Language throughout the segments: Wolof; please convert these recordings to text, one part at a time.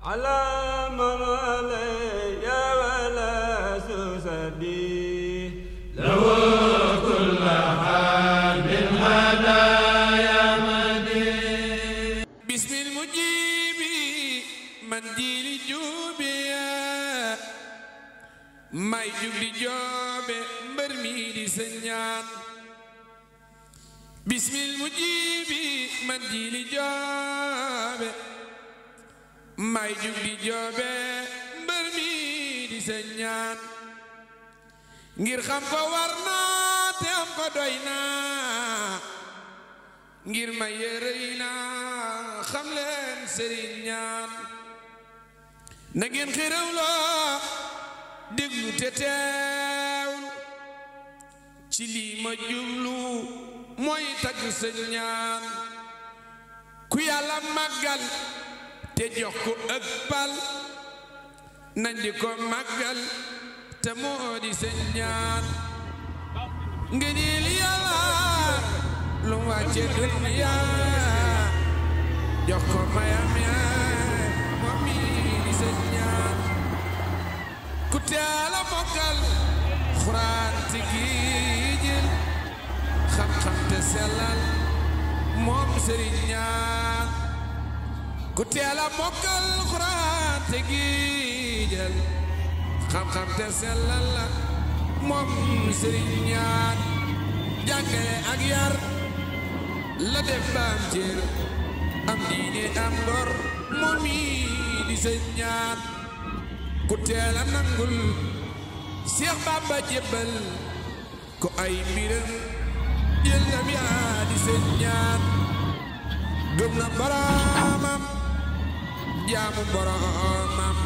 may jug di joobe mbër mi di sa ñaan bismil mujibi man ji li joobe may jug di joobe mbër mi di sa ngir xam ko war naa te am ko doy naa ngir ma yërëy naa xam leen sëriñ na ngeen xéréw loo te teewlu ci lii ma jublu mooy tagg sëñ ñaan ku yàlla te jox ko ak nañ di ko màggal te moo di seen ñaan ngëneel yàlla lu wàcce dunya jox ko mayam yaan moom di seen ku teel mokkal xuraan ti giijil xam-xam te sellal moom sëriñ ku teel a mokkal xuraan giijal xam-xam sellal moom sëriñ ñaan jàngale ak yar la def baam cër am diine am ngor moom yi di sëñ ñaan ku teel a nangul Seex jébbal ko ay mbiram jël na yaa di sëñ ñaan gëm baraamam jaamu boromam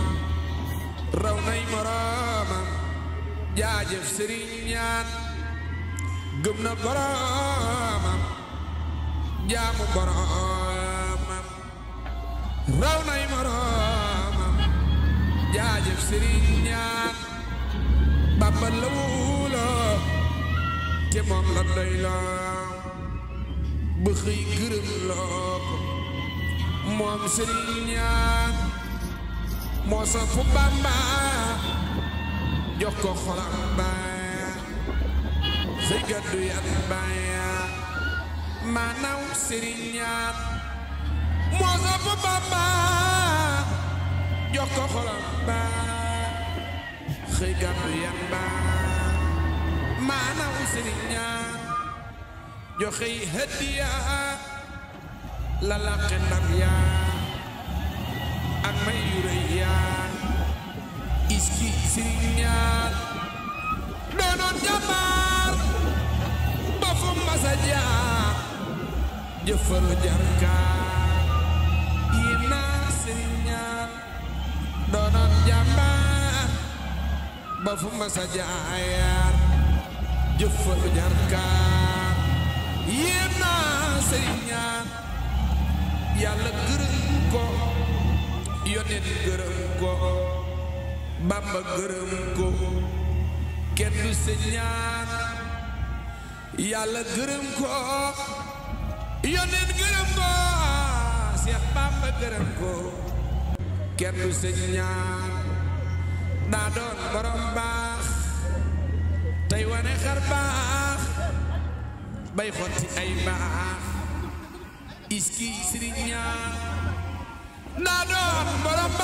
raw nay moromam jaajëf sëriñ ñaan gëm na jaamu boromam raw nay moromam jaajëf sëriñ ñaan Bàmba la wóoloo te la doyloo ba xëy gërëm loo moom Serigne Ñaan moo fu Bamba jox ko xolam baaya si gàddu yat baaya maanaam Serigne Ñaan fu Bamba jox ko baaya si gàddu yat baaya maanaam Serigne Ñaan joxe hadiya la làqe yaa ak may yu yaa iski sëriñ ñaar doonoon jàmbaar ba fu masa jaar jëfalu jarkaar yi naa sëriñ ñaar doonoon jàmbaar ba fu masa jaar jëfalu jarkaar yi naa sëriñ ñaar yàlla gërëm ko yonent gërëm ko bàmba gërëm ko kenn du sa yàlla gërëm ko yonent gërëm ko seex bàmba gërëm ko kenn du sa daa doon borom baax tey wane baax bay xotti ay baax Tabaski Sëriñ Ñaan naa doon borom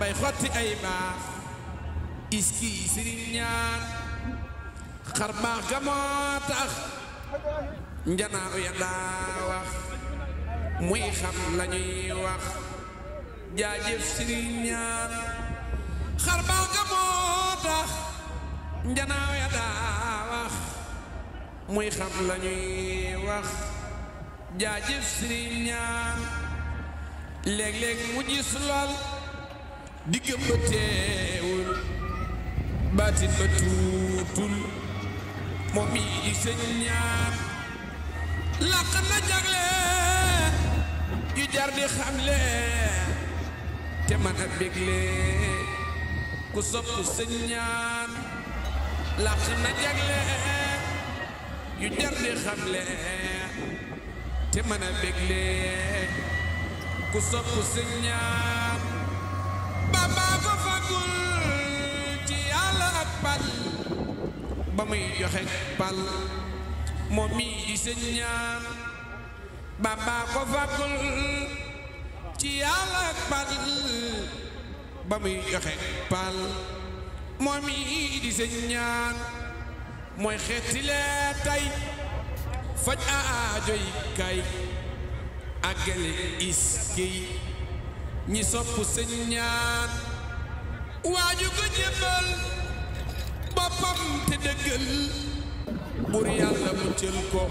bay xotti ay baax iski Sëriñ Ñaan ga moo tax ya daa muy xam lañuy wax jaajëf Sëriñ Ñaan ga moo tax ya daa muy xam lañuy wax jaajëf sëriñ ñaan léeg-léeg mu gis lool diggam ba teewul baatin ba tuutul moom yi di sëñ ñaan làq na jagle yu jar di xamle te mën a bégle ku sopp sëñ ñaan làq na jagle yu jar di xamle te mën a bégle ku sopp sëñ ñaan baba ko fagul ci yàlla ak pal ba muy joxe pal moom mi di sëñ ñaan baba ko fagul ci yàlla ak pal ba muy joxe pal moom mi di sëñ ñaan mooy xeetilee tay faj aajo yi kay àggale is géy ñi sopp sëñ ñaan waaju ko jébbal boppam te dëggal bur yàlla mu ko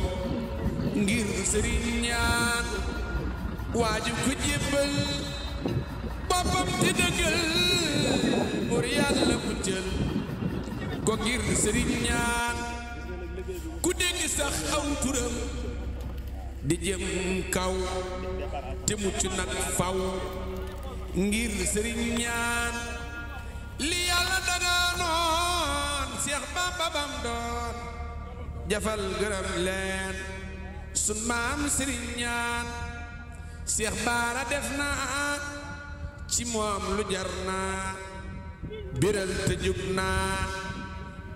ngir sëriñ waaju ko jébbal boppam te dëggal bur yàlla mu ko ngir sëriñ ñaan ku dégg sax aw turam di jëm kaw te mucc nag faw ngir sëriñ ñaan li yàlla dagaanoon seex bam doon jafal geram leen sun maam sëriñ ñaan seex baara def ci moom lu biral te jug naa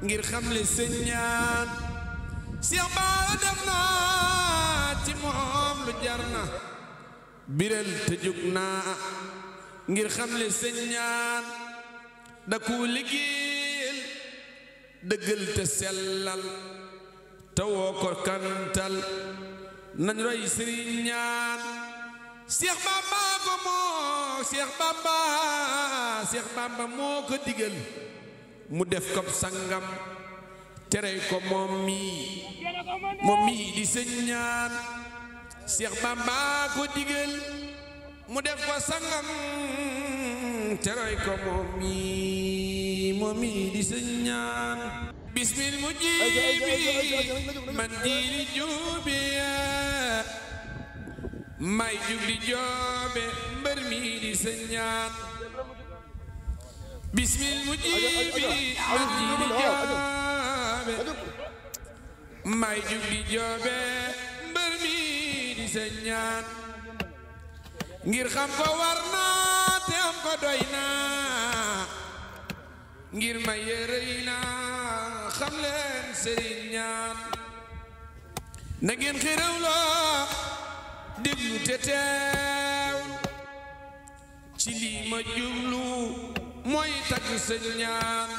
ngir xam le sëñ ñaan Seex Baara def na ci moom lu jar na biral te jug naa ngir xam le sëñ ñaan dakku liggéeyal dëggal te sellal te woo ko kantal nañ roy sëriñ ñaan Seex Bamba ko moo Seex Bamba Seex Bamba moo ko digal mu def ko sangam tere ko moom mii moom mii di sëñ ñaan Cheikh Bamba ko digal mu def ko sangam tere ko moom mii moom mii di sëñ ñaan bismil mujibi man diiri juubi may jug di joobe mbër mii di sëñ ñaan بسم المجيب may jug di joobe mbër di sa ngir xam ko war naa te am ngir ma yërëy xam leen sëriñ na ngeen xiraw loo te teew ci lii ma jublu mooy tagg sëñ ñaan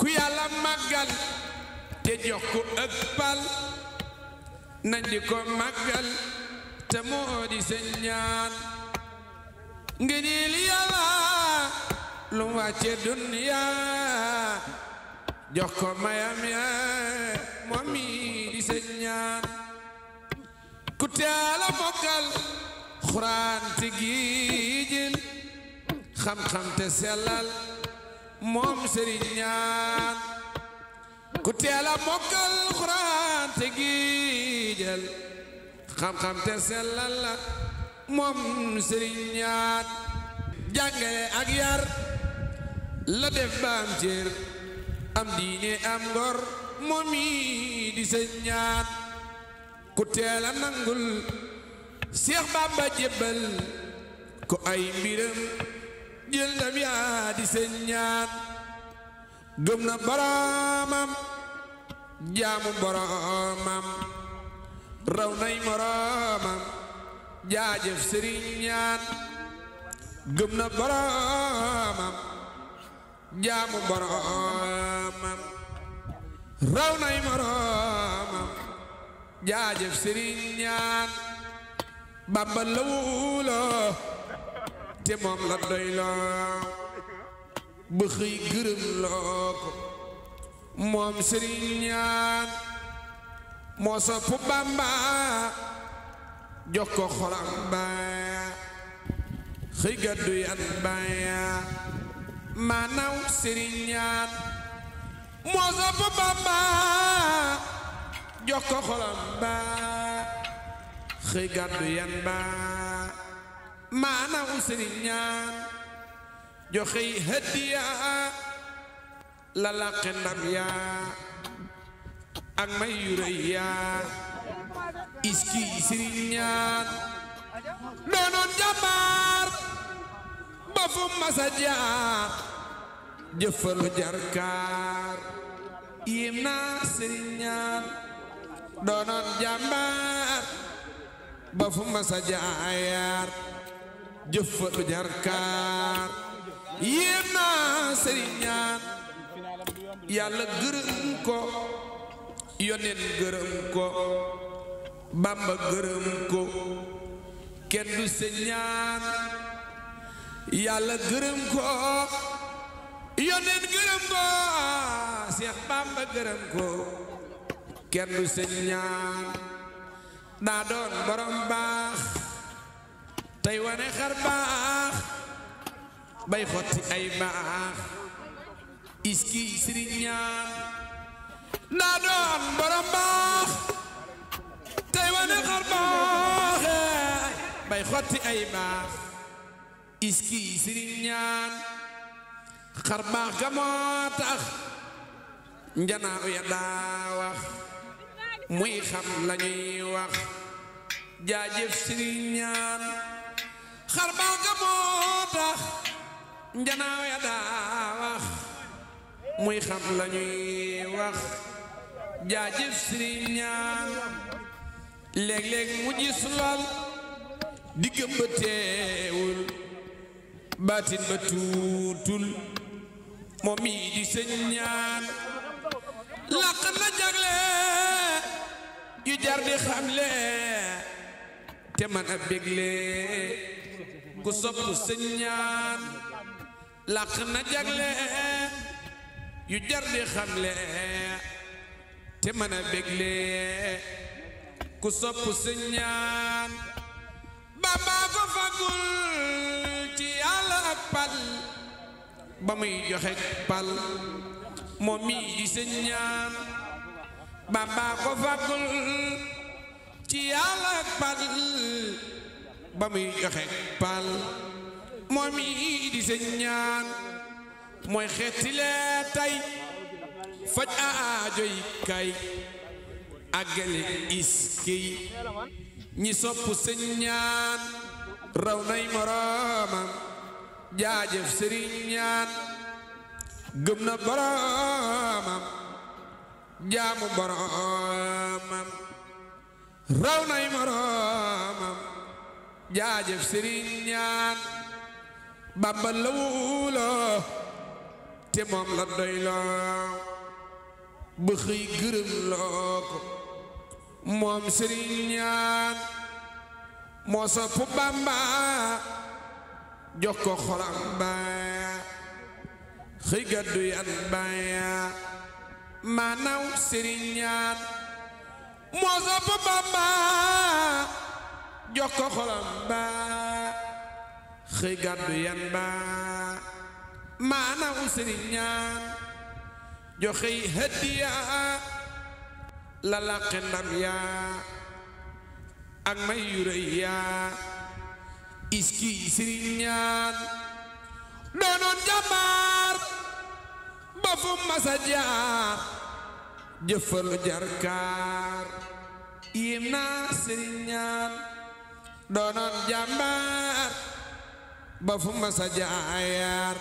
ku yàlla màggal te jox ko ëk nañ di ko màggal te moo di sëñ ñaan ngëneel yàlla lu wàcce dunya jox ko mayam ya moom di sëñ ñaan ku teela mokkal xuraan tigi xam-xam te sellal moom sëriñ ñaan ku teel mokkal xuraan te giijal xam-xam te sellal moom sëriñ ñaan jàngale ak yar la def baam cër am diine am ngor moom yi di sëñ ñaan ku teel nangul Seex Bamba jébbal ko ay mbiram jëndam yaa di seen ñaan gëm na boromam jaamu boromam raw nay moromam jaajëf sëriñ ñaan jaamu boromam raw nay moromam jaajëf sëriñ ñaan te moom la doy loo ba xëy gërëm moom sëriñ ñaan moo sopp Bàmba jox ko xolam baaya xëy gàddu yan baaya maanaam sëriñ ñaan moo sopp Bàmba jox ko baaya xëy gàddu yan baaya maanaam sëriñ ñaan joxey hadiya la làqe ndam yaa ak may yu yaa iski sëriñ doonoon jàmbaar ba fu masa jaar jëfalu jarkaar yim naa sëriñ doonoon jàmbaar ba fu masa jaar jëf fa du jar kaar yéem naa sëriñ ñaan yàlla gërëm ko yoneen gërëm ko bamba gërëm ko kenn du sa ñaan yàlla gërëm ko yoneen gërëm ko seex bamba gërëm ko kenn du sa ñaan doon borom baax tey wane xar baax bay xotti ay baax iski sëriñ naa doon borom baax tey wane xar baax bay xotti ay baax iski sëriñ xar baax ga moo tax njanaaw daa wax muy xam lañuy wax jaajëf sëriñ xar baa moo tax njanaaw ya wax muy xam lañuy wax jaajëf sëriñ ñaan léeg-léeg mu gis lool diggam ba teewul baatin ba tuutul moom mii di sëñ ñaan làq na jagle yu jar di xamle te mën a bégle ku sopp sëñ ñaan làq na jagle yu jar di xamle te mën a bégle ku sopp sëñ ñaan ko fagul ci yàlla ak pal ba muy joxe pal moom mii di sëñ ñaan ko fagul ci yàlla ak pal ba muy joxe pal moom yi di sëñ ñaan mooy xeetilee tay faj aajo yi kay àggale iskiy ñi sopp sëñ ñaan raw nay moroomam jaajëf sëriñ ñaan gëm na boroomam jaamu boroomam raw nay moroomam jaajëf sëriñ ñaan bamba te moom la doy loo ba xëy gërëm moom sëriñ ñaan moo sopp bamba jox ko xolam baya xëy gàddu yan baya Joko ko xolam ba mana gàddu yan ba maanaam sëriñ ñaan hadiya la iski sëriñ Donon jamar, jàmbaar ba fu masa jaar doonoon jàmbaar ba fu ma sa jaayaar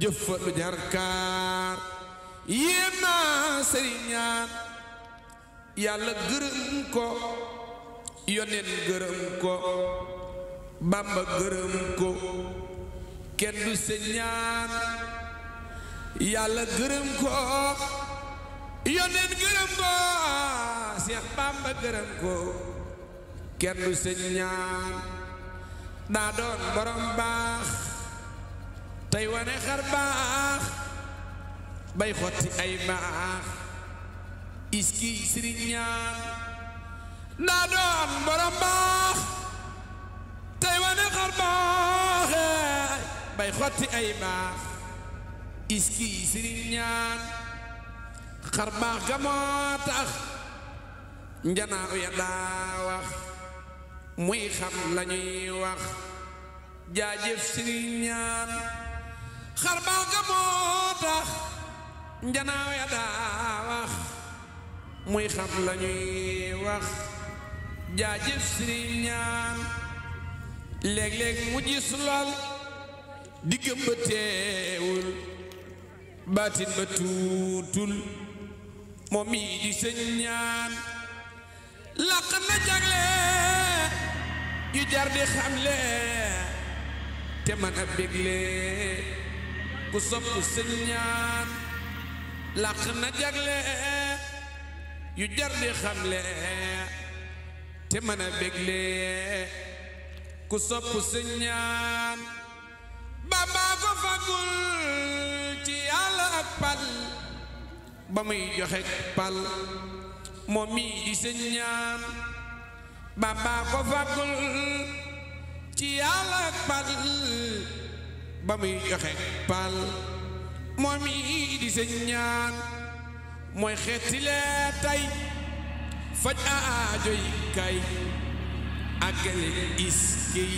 jëf fa lu jarkaar yéem naa sëriñaan yàlla gërëm ko yoneen gërëm ko bamba gërëm ko kenn du sëñaan yàlla gërëm ko yoneen gërëm ko seex bamba gërëm ko kenn du sëñ ñaan daa doon borom baax tey wane xar bay xotti ay baax iski sëriñ ñaan doon borom baax tey wane xar bay xotti ay baax iski sëriñ ñaan ga moo tax njanaaw ya daa muy xam lañuy wax jaajëf sëriñ ñaan xar baax ga moo tax njanaaw daa wax muy xam lañuy wax jaajëf sëriñ ñaan léeg-léeg mu gis lool diggam ba teewul baatin ba tuutul moom mii di sëñ ñaan làq na jagle yu jar di xamle te mën a bégle ku sopp sëñ ñaan làq na jagle yu jar di xamle te mën a bégle ku sopp sëñ ñaan baba ko fagul ci ak pal ba muy joxe pal moom mii di sëñ ñaan bàmbaa ko fàggul ci yàlla ak pal ba muy joxe pal moom mii di sëñ ñaan mooy xettilee tey faj aajo yi kay àggale is kiy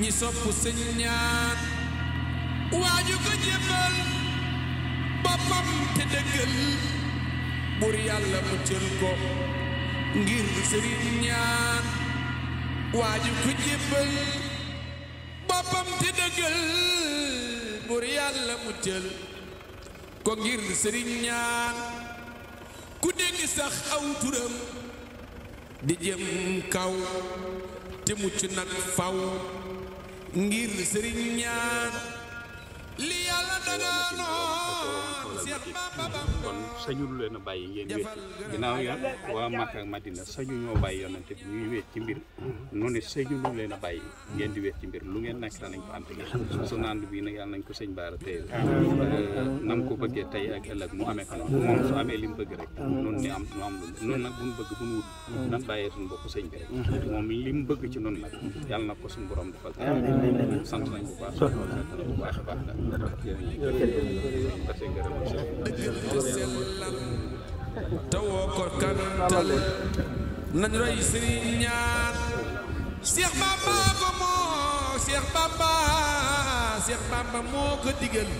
ñi sopp sëñ ñaan waaju ko jébbal boppam te dëggal bur yàlla muccal ko ngir sëriñ ñaan waaju ku jébbal boppam te dëggal bur yàlla muccal ko ngir sëriñ ñaan ku dégg sax aw turam di jëm kaw te mucc nag faw ngir sëriñ ñaan li yàlla dagaanoon seet bamba leen a bàyyi ngeen wéet ginnaaw yàlla waa Makka ak Madina sañu ñoo bàyyi yonante bi ñuy wéet ci mbir nu ne sañulu leen a bàyyi ngeen di wéet ci mbir lu ngeen nekk danañ ko ànd gi su nand bii nag yàlla nañ ko sëñ baara te nam ko bëggee tey ak ëllëg mu amee ko noonu moom su amee li mu bëgg rek noonu ni am am lu noonu nag bu mu bëgg bu mu wut nan bàyyee suñu bopp sëñ bi moom li mu bëgg ci noonu nag yàlla na ko suñu borom defal sant nañ bu baax bu baax te woo ko kantal nañ roy sëriñ ñaan Cheikh Bamba ba moo Cheikh Bamba Cheikh Bamba moo ko digal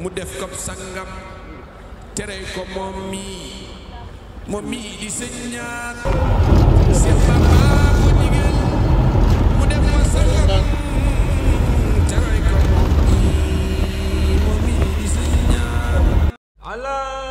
mu def ko sangam tere ko moom mii moom mii di sëñ ñaan Cheikh Bamba ko digal mu def ko sangam 阿拉。